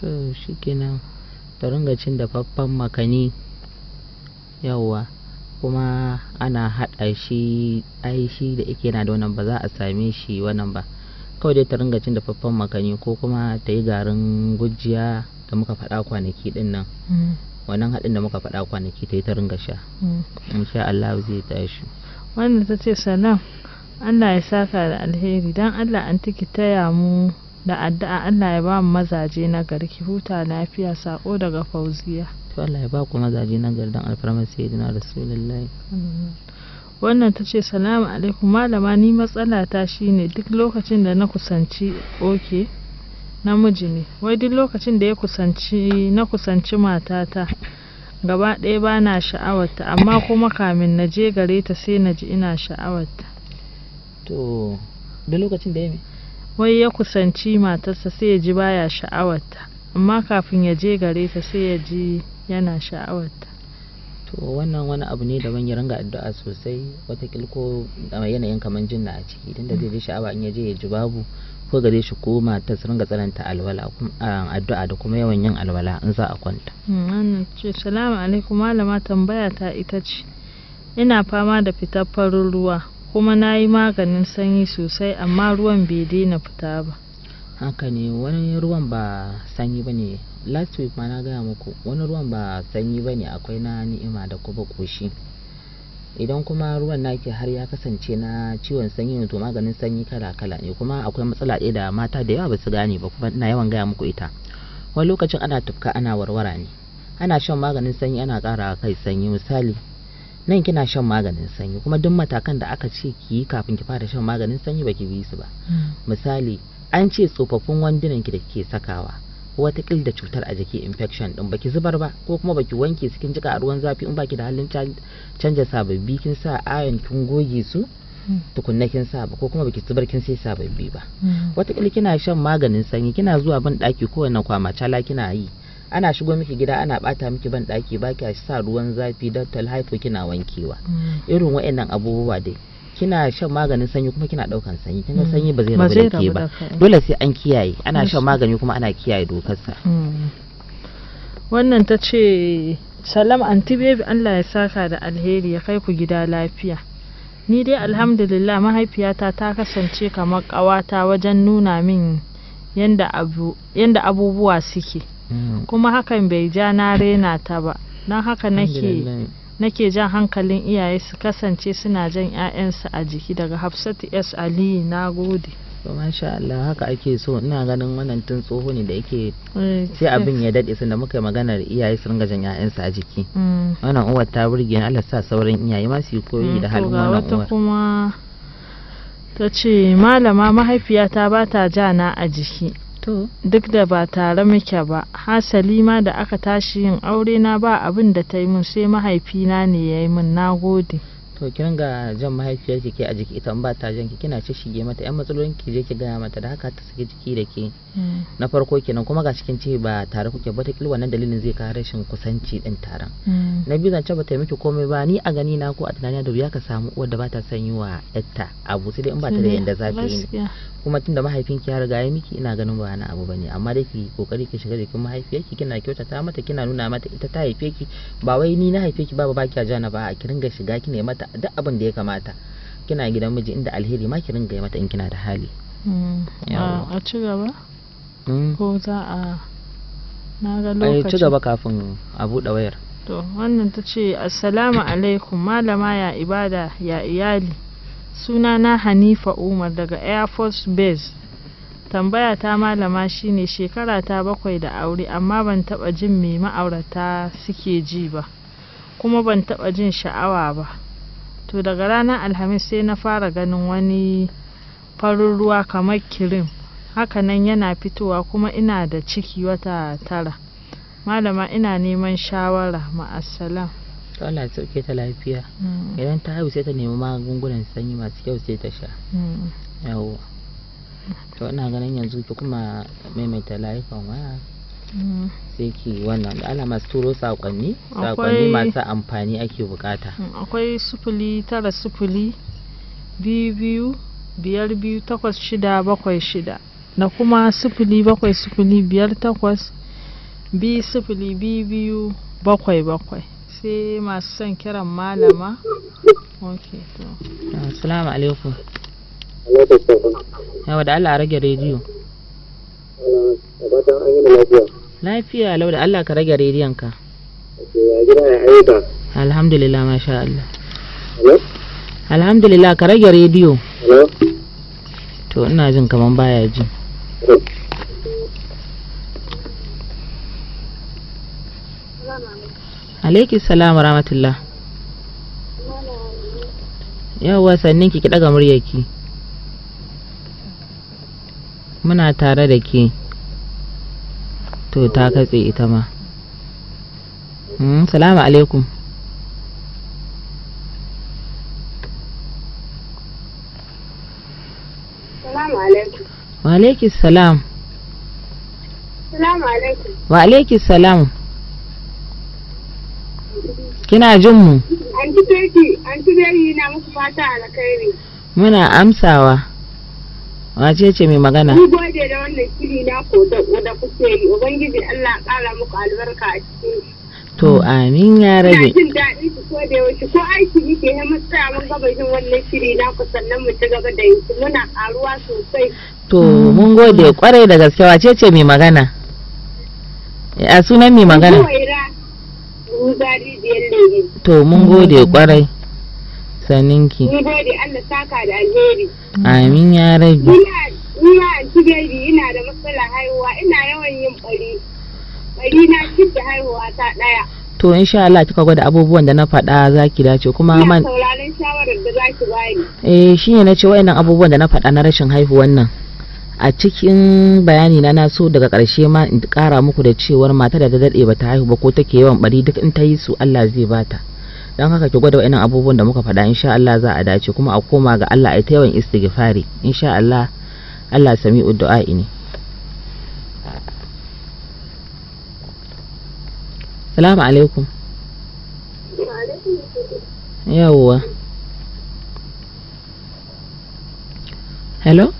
to shikenan ta ringa cin dafaffen makani yawwa kuma ana haɗa shi ai da yake na da wannan ba za a same shi wannan ba kawai dai ta ringa cin dafaffen makani ko kuma ta yi garin gujiya da muka faɗa kwanaki ɗin nan mm. wannan haɗin da muka faɗa kwanaki ta yi ta ringa sha mm. insha Allah zai tashi wannan ta ce salam Allah ya saka da alheri dan Allah an tiki taya mu da addu'a Allah ya ba mu mazaje na gari ki huta lafiya sako daga fauziya to Allah ya ba ku mazaje na gari dan alfarma sayyidina rasulullahi wannan ta ce salamu alaikum malama ni matsala ta shine duk lokacin da na kusanci oke namiji ne wai duk lokacin da ya kusanci na kusanci matata gaba ɗaya ba na sha'awarta amma kuma kamin na je gare ta sai na ji ina sha'awarta to duk lokacin da ya wai ya kusanci matarsa sai ya ji baya sha'awarta amma kafin ya je gare ta sai ya ji yana sha'awarta to wannan wani abu ne daban ya ringa addu'a sosai watakil ko yanayin kamar jin na a ciki da zai ji sha'awa in ya je ya ji babu ko gare shi ko matar su ringa tsananta alwala addu'a da kuma yawan yin alwala in za a kwanta hmm, ce salamu alaikum malama tambaya ta ita ce ina fama da fitar farin ruwa kuma na yi maganin sanyi sosai amma ruwan bai daina fita ba haka ne wani ruwan ba sanyi ba ne last week ma na gaya muku wani ruwan ba sanyi ba ne akwai na ni'ima da kuma koshi idan kuma ruwan naki har ya kasance na ciwon sanyi ne to maganin sanyi kala kala ne kuma akwai matsala ɗaya da mata da yawa ba su gane ba kuma na yawan gaya muku ita wani lokacin ana tufka ana warwara ne ana shan maganin sanyi ana ƙara kai sanyi misali nan kina shan maganin sanyi kuma duk matakan da aka ce ki yi kafin ki fara shan maganin sanyi baki bi su ba hmm. misali an ce tsofaffin wandunan ki da kike sakawa watakil da cutar a jiki infection din baki zubar ba ko kuma baki wanke su kin jika a ruwan zafi in baki da halin canja sababbi kin sa ayon kin goge su hmm. tukunna kin sa ba ko kuma baki zubar kin sai sababbi ba hmm. watakil kina shan maganin sanyi kina zuwa ban daki kowanne kwama cala kina yi ana shigo miki gida ana bata miki ban daki ba kya sa ruwan zafi don talhaifo kina wankewa mm. irin waɗannan abubuwa dai kina shan maganin sanyi kuma kina daukan sanyi kina mm. sanyi ba zai rabu da ke ba dole sai an kiyaye ana shan magani kuma ana kiyaye dokarsa mm. wannan ta ce salam anti baby Allah ya saka da alheri ya kai ku gida lafiya ni dai alhamdulillah mahaifiyata ta kasance kamar kawata wajen nuna min yanda abubuwa suke Hmm. kuma hakan bai ja na rena ta ba don haka nake jan hankalin iyaye su kasance suna jan 'ya'yansu a jiki daga hafsatu s ali na gode to masha Allah haka ake so ina ganin wannan tun tsoho ne da yake eh, sai eh. abin ya dade da muka yi maganar iyaye su ringa jan ƴaƴansu a jiki hmm. wannan uwar ta burge na Allah sa sauran iyaye ma su yi koyi hmm, da halin wannan uwar kuma ta ce malama mahaifiyata ba ta ja na a jiki to duk da ba tare muke ba hasali ma da aka tashi yin aure na ba abin da ta yi min sai mahaifina ne ya yi min na gode to kin ga jan mahaifiyar ki a jiki ita ba ta jan ki kina ce shige mata yan matsalolin ki je ki gaya mata da haka ta saki jiki da ke hmm. na farko kenan kuma ga cikin ce ba tare kuke ba ta na wannan dalilin zai kawo rashin kusanci din taron hmm. na biyu zance ba ta miki komai ba ni a gani na ko a tunani da wuya ka samu uwar da ba ta sanyi yi wa yatta abu sai dai in ba ta da yanda zafi yi kuma tun da mahaifinki ya riga ya miki ina ganin ba wani abu bane amma dai ki kokari ki shiga jikin mahaifiyarki kina kyautata mata kina nuna mata ita ta haife ki ba wai ni na haife ki ba baki a jana ba ki ringa shiga ki yi mata duk abin da ya kamata kina gidan miji inda alheri ma ki ringa yi mata in kina da hali hmm, a ci gaba hmm? ko za a na ga lokaci ci gaba kafin a buɗe wayar to wannan ta ce assalamu alaikum malama ya ibada ya iyali sunana hanifa umar daga air force base tambaya ta malama shine shekara ta bakwai da aure amma ban taba jin me ma'aurata suke ji ba kuma ban taɓa jin sha'awa ba to daga ranar alhamis sai na fara ganin wani farin ruwa kamar kirim hakanan yana fitowa kuma ina da ciki wata tara malama ina neman shawara ma'asalam to Allah ya sauke ta lafiya mm. idan ta haihu sai ta nemi magungunan sanyi masu kyau sai ta sha mm. yawo to ina ganin yanzu ki kuma maimaita layukan waya mm. sai ki wannan da ala masu turo sakonni sakonni masu amfani ake bukata akwai sufuli tara sufuli biyu biyu biyar biyu takwas shida bakwai shida da kuma sufuli bakwai sufuli biyar takwas biyu sufuli biyu biyu bakwai bakwai sai masu son kiran malama ok to assalamu alaikum yawa da Allah rage rediyo lafiya lau da Allah ka rage rediyon ka alhamdulillah masha Allah alhamdulillah ka rage rediyo to ina jin kaman baya ji alaiki salam rahmatullah yawa sannin ki daga muryarki muna tare da ke to ta katse ita ma hmm, salamu alaikum wa alaiki salam wa alaiki salam kina jin mu anti beki anti beki na muku fata alkhairi muna amsawa wace ce mai magana ni gode da wannan shiri na ko da kuke yi ubangiji Allah kara muku albarka a cikin to amin ya rage ina jin daɗin ko da yaushe ko aiki yake ya matsaya mun gaba yin wannan shiri na ku sannan mu ci gaba da yi muna karuwa sosai to mun gode kwarai da gaske wace ce mai magana a sunan mai magana To mun gode kwarai. ki. Mun gode Allah saka da alheri. Amin ya rabi. Ina ina ina da matsala haihuwa ina yawan yin bari. Bari na da haihuwa ta ɗaya. to in sha Allah kika gwada abubuwan da na faɗa ki dace kuma man sauraron shawarar da ki bani eh shine nace wayannan abubuwan da na faɗa na rashin haihuwan nan a cikin bayani na na so daga ƙarshe ma in ƙara muku da cewar mata da daɗe ba ta haihu ba ko take yawan bari duk in ta yi su Allah zai bata don haka ki gwada wa'annan abubuwan da muka faɗa insha Allah za a dace kuma a koma ga Allah ai ta yawan istighfari insha Allah Allah sami'u du'a'i ne Salamu alaikum Yawwa Hello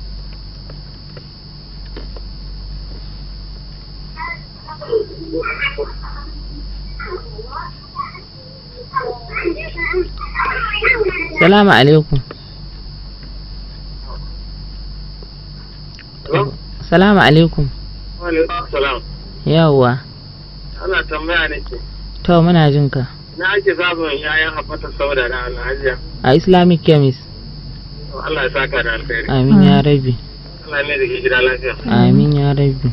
salamu alaikum salamu alaikum yawwa ana tambaya ne ke to muna jin ka na ake zaɓin yayan haɓata saboda na al'ajiya a islamic chemist Allah ya saka da alkhairi amin ya rabi Allah ne da ke gida lafiya amin ya rabi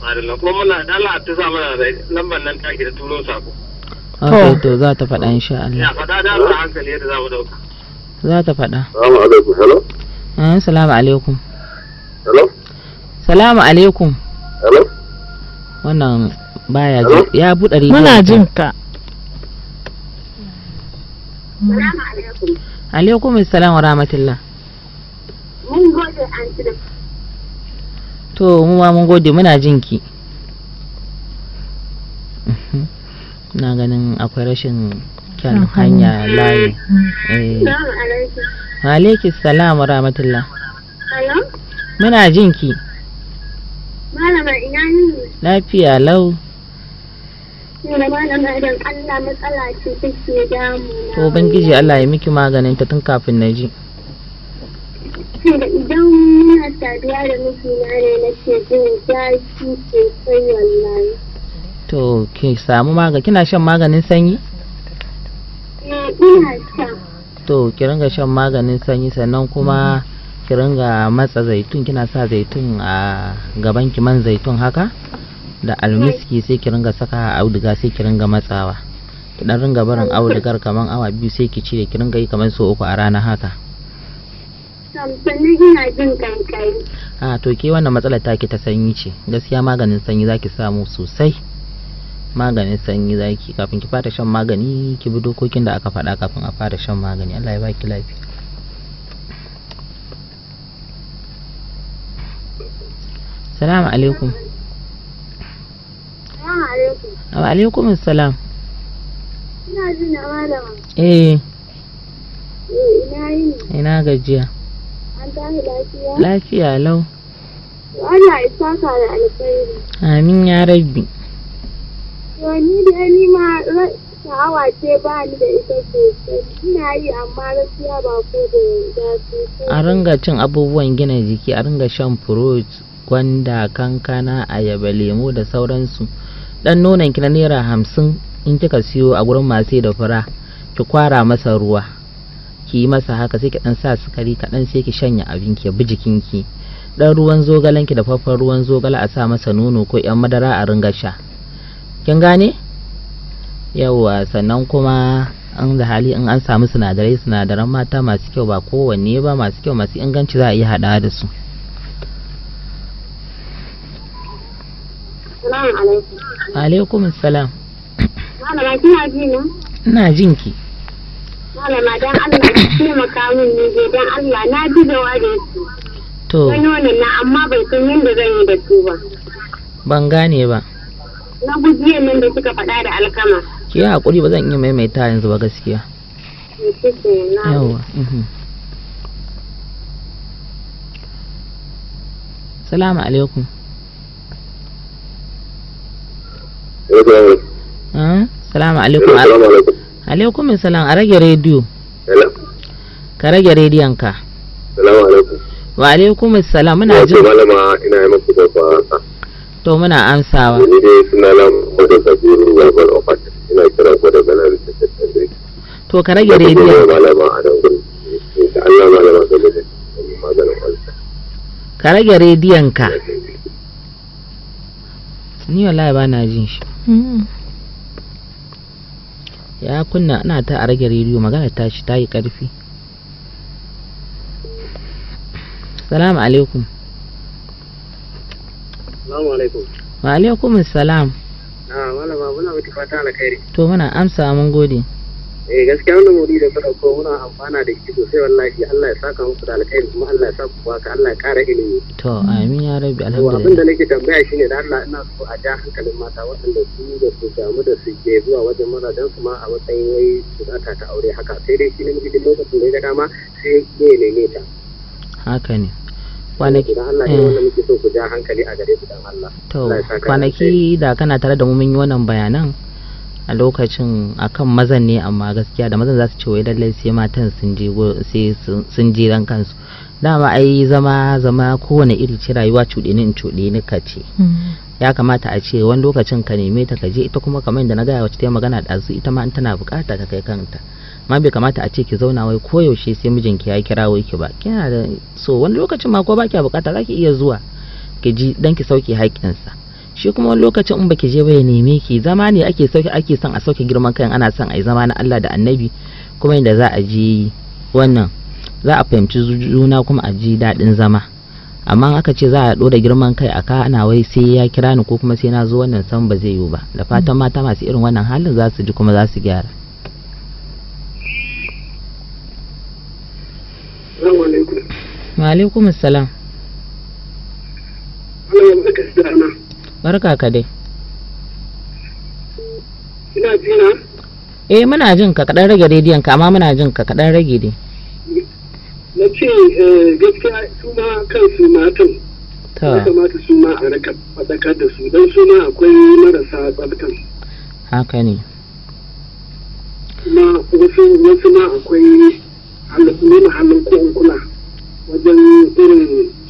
madalla kuma muna da Allah ta sa mana da lambar nan take da turo sako Ok, to za ta faɗa insha Allah. Ya faɗa da Allah hankali yadda za mu dauka. za ta faɗa salamu alaikum hello eh, salamu alaikum hello salamu alaikum hello wannan baya ji ya buɗe rigiyar. muna jin ka salamu alaikum alaikum salamu wa rahmatullah mun gode an to mu ma mun gode muna jinki na ganin akwai rashin kyan hanya layi eh. alaikis salam wa rahmatullah muna jin ki. malama ina ne lafiya lau Nuna malama idan Allah matsala ce take damu. To Ubangiji Allah ya miki maganin ta tun kafin na ji. Idan muna saduwa da mijina ne na ke jin zafi sosai wallahi. To ki samu maganin, kina shan maganin sanyi? Eh ina sha. to ki ringa shan maganin sanyi sannan kuma ki ringa matsa zaitun kina sa zaitun a gaban ki man zaitun haka da almiski sai ki ringa saka auduga sai ki ringa matsawa dan ringa barin audugar kaman awa biyu sai ki cire ki yi kaman so uku a rana haka a ah, to ke wannan matsalar taki ta sanyi ce gaskiya maganin sanyi zaki samu sosai maganin sanyi zaki kafin ki fara shan magani ki bi dokokin da aka faɗa kafin a fara shan magani Allah ya baki lafiya salamu alaikum wa alaikum salam ina jin na malama eh, eh ina yi ina gajiya an lafiya lafiya lau Allah ya da alkhairi amin ya rabbi To ni da ni ma sha'awa ce ba ni da ita sosai. Ina yi amma ba ko da zafi. A ringa cin abubuwan gina jiki, a ringa shan fruit, gwanda, kankana, ayaba, lemu da sauransu. Dan nonon ki na naira hamsin in kika siyo a gurin masu da fura, ki kwara masa ruwa. ki yi masa haka sai ki dan sa sukari kaɗan sai ki shanya abin ki bi jikin ki dan ruwan zogalen ki da faffan ruwan zogala a sa masa nono ko yan madara a ringa sha kin gane Yauwa sannan kuma an da hali in an samu sinadarai sinadaran mata masu kyau ba kowanne ba masu kyau masu inganci za a iya haɗa da su alaikum salam na ina jin ki malama Allah ki ne Allah na ji da ware to wani na amma bai san yadda zan yi da su ba ban gane ba na gujiye min da suka faɗa da alkama ki yi hakuri ba zan iya maimaita yanzu ba gaskiya yawa mhm. salamu alaikum salamu alaikum alaikum salam a rage rediyo ka rage rediyon ka salamu alaikum wa alaikum salam muna jin malama ina yi maku da to muna amsawa ni dai suna na da sabiru babar ofat ina kira ku da nan da to ka rage rediyon ka rage rediyon ka ni wallahi ba na jin shi mm. ya kunna ina ta a rage rediyo magana ta shi ta yi karfi salamu alaikum alaikum. Wa alaikum salam. Ah, ba muna miki fata alkhairi. To muna amsa mun gode. Eh gaskiya wannan mudi da kuka ko muna amfana da shi sosai wallahi Allah ya saka muku da alkhairi kuma Allah ya saka kuwa ka Allah ya kara ilimi. To amin ya rabbi alhamdulillah. Abin da nake tambaya shine da Allah ina so a ja hankalin mata waɗanda su da su jamu da su ke zuwa wajen maza su ma a matsayin wai su zata ta aure haka sai dai shi ne mijin lokacin da ya ga dama sai ya ne ta. Haka ne. kwanaki eh. da kana tare da mu mun yi wannan bayanan a lokacin akan mazan ne amma gaskiya da mazan za su ce wai lallai sai matan sun je ran kansu dama ai zama zama kowane iri ce rayuwa cuɗe ni in cuɗe ni ka ce mm. ya kamata a ce wani lokacin ka neme ta ka je ita kuma kamar da na gaya wacce ta magana ɗazu ita ma in tana bukata ka kai kanta amma bai kamata a ce ki zauna wai yaushe sai mijinki ya kira wai ki ba kina da so wani lokacin ma ko baki bukata zaki iya zuwa ki ji dan ki sauke haƙƙinsa shi kuma wani lokacin in baki je ba ya neme ki zama ne ake sauke ake son a sauke girman kai ana son a yi zama na Allah da Annabi kuma inda za a ji wannan za a fahimci juna kuma a ji daɗin zama amma aka ce za a ɗora girman kai a kana wai sai ya kira ni ko kuma sai na zo wannan san ba zai yiwu ba da fatan mata masu irin wannan halin za su ji kuma za su gyara wa salam barka ka dai ina jina eh muna jin ka kaɗan rage rediyon ka amma muna jin ka kaɗan rage dai na ce eh, gaskiya su ma kansu matan ya kamata su ma a raka faɗakar da su don su ma akwai marasa tsabtan haka ne kuma wasu ma akwai nuna halin ko kula wajen irin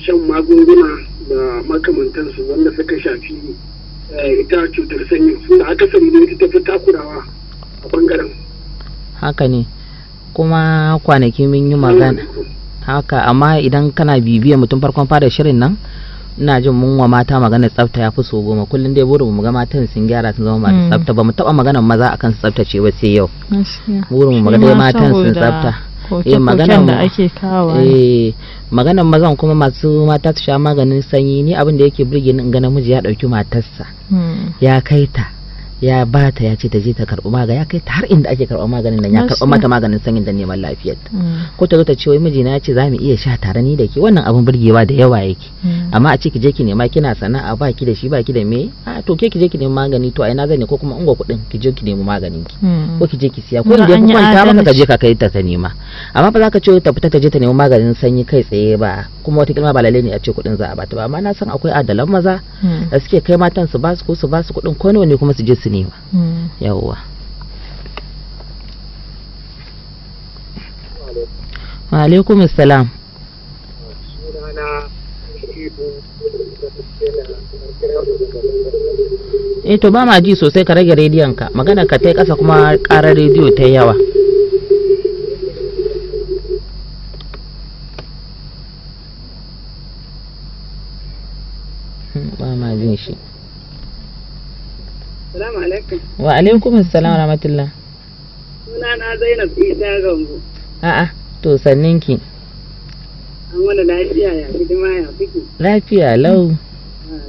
shan magunguna da makamantansu wanda suka shafi eh, ita cutar sanyi da akasari ne ita tafi takurawa a bangaren haka ne kuma kwanaki mun yi magana haka amma idan kana bibiya mutum farkon fara shirin nan ina jin mun wa mata magana tsafta ya fi so goma kullum dai burin mu ga matan sun gyara sun zama masu mm. tsafta ba mu taba magana maza akan tsaftace ba sai yau burin mu ga dai matan sun tsafta Eh, hoton da ake kawa eh, maganan mazan kuma masu mata su sha maganin sanyi ni abin da yake burge ni in ga namiji ya dauki matarsa hmm. ya kai ta ya ba ta ya ce ta je ta karɓi magani ya kai ta har inda ake karɓar maganin nan ya karɓa mata maganin sanyin da neman lafiyar hmm. ko ta zo ta ce wai mijina ya ce za mu iya sha tare ni da ke wannan abin burgewa da yawa yake hmm. amma a ce ki je ki nema kina sana'a ba ki da shi ba ki da me a to ke ki je ki nema magani to a ina zan ko kuma ungo kuɗin ki je ki nemi maganin ki hmm. ko ki je ki siya ko ki je kuma ta maka ka je ka kai ta ta nema amma ba za ka ce ta fita ta je ta nema maganin sanyi kai tsaye ba kuma wata kalma ba lalle ne a ce kuɗin za a ta ba amma na san akwai adalan maza da suke kai matan su ba su ko su ba su kuɗin ko ne kuma su je su su ne ba mm. yawwa alaikum eh to ba ma ji sosai ka rage rediyon ka magana ka ta kasa kuma karar rediyo ta yawa wa alaikum assalam rahmatullah sunana zainab isa gambo a'a to sannin ki an wani lafiya ya hidima ya fiki lafiya lau ah,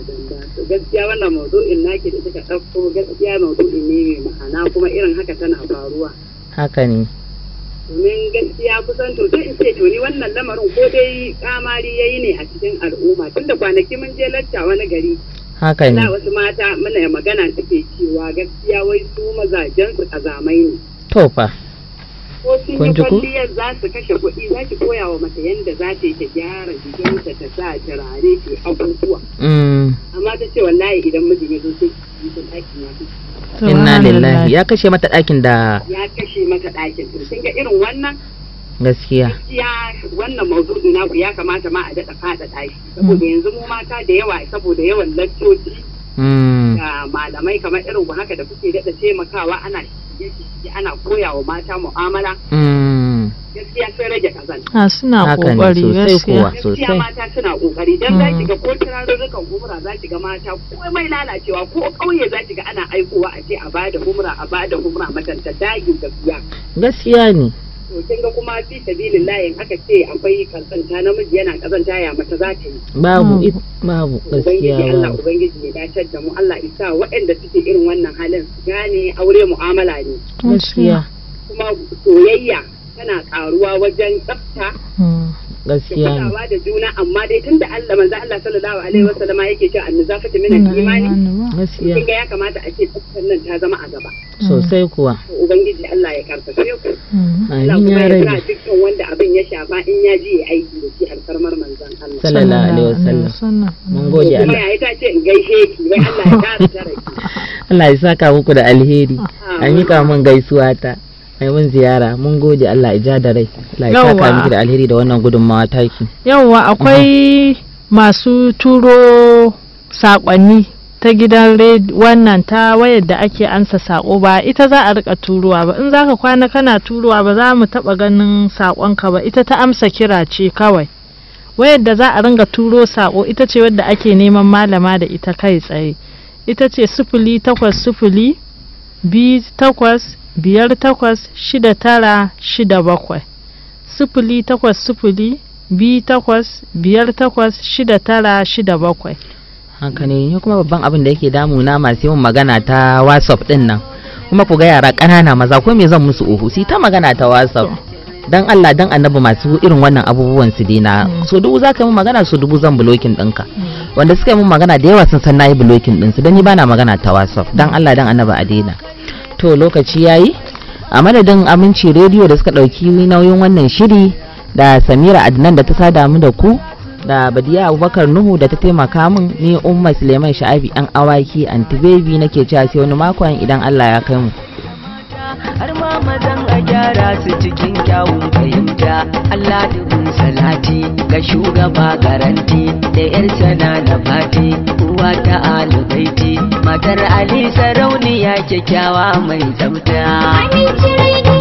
gaskiya wannan maudu'in naki da kika ɗauko gaskiya maudu'in ne mai ma'ana kuma irin haka tana faruwa haka ne domin gaskiya kusan to sai in ce to ni wannan lamarin ko dai kamari yayi ne a cikin al'umma tunda kwanaki mun je lacca wani gari haka ne wasu mata mana ya magana take cewa gaskiya wai su mazajen su kazamai ne to fa ko sun yi kwalliyar za su kashe kuɗi za ki koya wa mata yadda za ta yi ta gyara jikinta ta sa turare ke abubuwa mm. amma ta ce wallahi idan mijin ya zo sai ki yi ɗakin ya fi inna lillahi ya kashe mata ɗakin da ya kashe mata ɗakin to kin ga irin wannan gaskiya gaskiya wannan na naku ya kamata ma a daɗa fada ɗaya saboda yanzu mu mata da yawa saboda yawan lakcoci hmm. da malamai kamar irin ku haka da kuke daɗa taimakawa ana ana koya wa mata mu'amala hmm. gaskiya sun rage kazanta a ah, suna kokari gaskiya gaskiya mata suna kokari dan za ki ga ko turarurrukan humra za ki ga mata komai lalacewa ko kauye za ki ga ana aikowa a ce a bada humra a bada humra matanta dagin gaskiya gaskiya ne to kin ga kuma fi sabilillahi in aka ce akwai kazanta namiji yana kazanta ya mata za ta yi babu babu gaskiya babu Allah ubangiji ya dace da mu Allah isa waɗanda suke irin wannan halin gane aure mu'amala ne gaskiya kuma soyayya tana karuwa wajen tsafta hmm, gaskiya ne da juna amma dai tunda Allah manzo Allah sallallahu alaihi wasallam yake cewa annazafatu min al-imani gaskiya kika ya kamata a ce tsaftar nan ta zama a gaba sosai kuwa ubangiji Allah ya karfafe ku mm. kuma dukkan wanda abin ya shafa in ya ji aiki da shi alfarmar manzon Allah sallallahu alaihi wasallam mun gode Allah kuma ya ta ce in gaishe ki wai Allah ya kara ki Allah ya saka muku da alheri a mika mun gaisuwa ta mun ziyara mun gode Allah ija da rai Allah ya saka da alheri da wannan gudunmawa taki akwai mhm. masu turo sakonni ta gidan wannan ta wayar da ake ansa sako ba ita za a rika turuwa ba in zaka kwana kana turuwa ba za mu taba ganin sakonka ba ita ta amsa kira ce kawai wayar da za a ringa turo sako ita ce wadda ake neman malama da ita kai tsaye ita ce sufuli takwas sufuli biyu takwas biyar takwas shida tara shida bakwai sifili takwas sufuli biyu takwas biyar takwas shida tara shida bakwai haka ne kuma babban abin da yake damu na masu yawan magana ta whatsapp din nan kuma ku ga yara ƙanana maza ko me zan musu uhu si ta magana ta whatsapp dan Allah dan annabi masu irin wannan abubuwan su dina mm. so dubu za ka yi magana su dubu zan blokin ɗinka mm. wanda suka yi mun magana da yawa sun san nayi blokin su dan ni bana magana ta whatsapp dan mm. Allah dan annabi a dina to lokaci yayi a madadin aminci rediyo da suka ɗauki nauyin wannan shiri da samira adnan da ta sada mu da ku da badiya abubakar nuhu da ta taimaka min ni umma suleiman sha'abi yan awaki anti baby nake cewa sai wani makon idan allah ya kai mu har ma mazan a gyara su cikin kyawun fahimta allah dubin salati ga shugaba garanti da yar sana na fati uwa ta alibaiti matar ali sarauniya kyakkyawa mai tsafta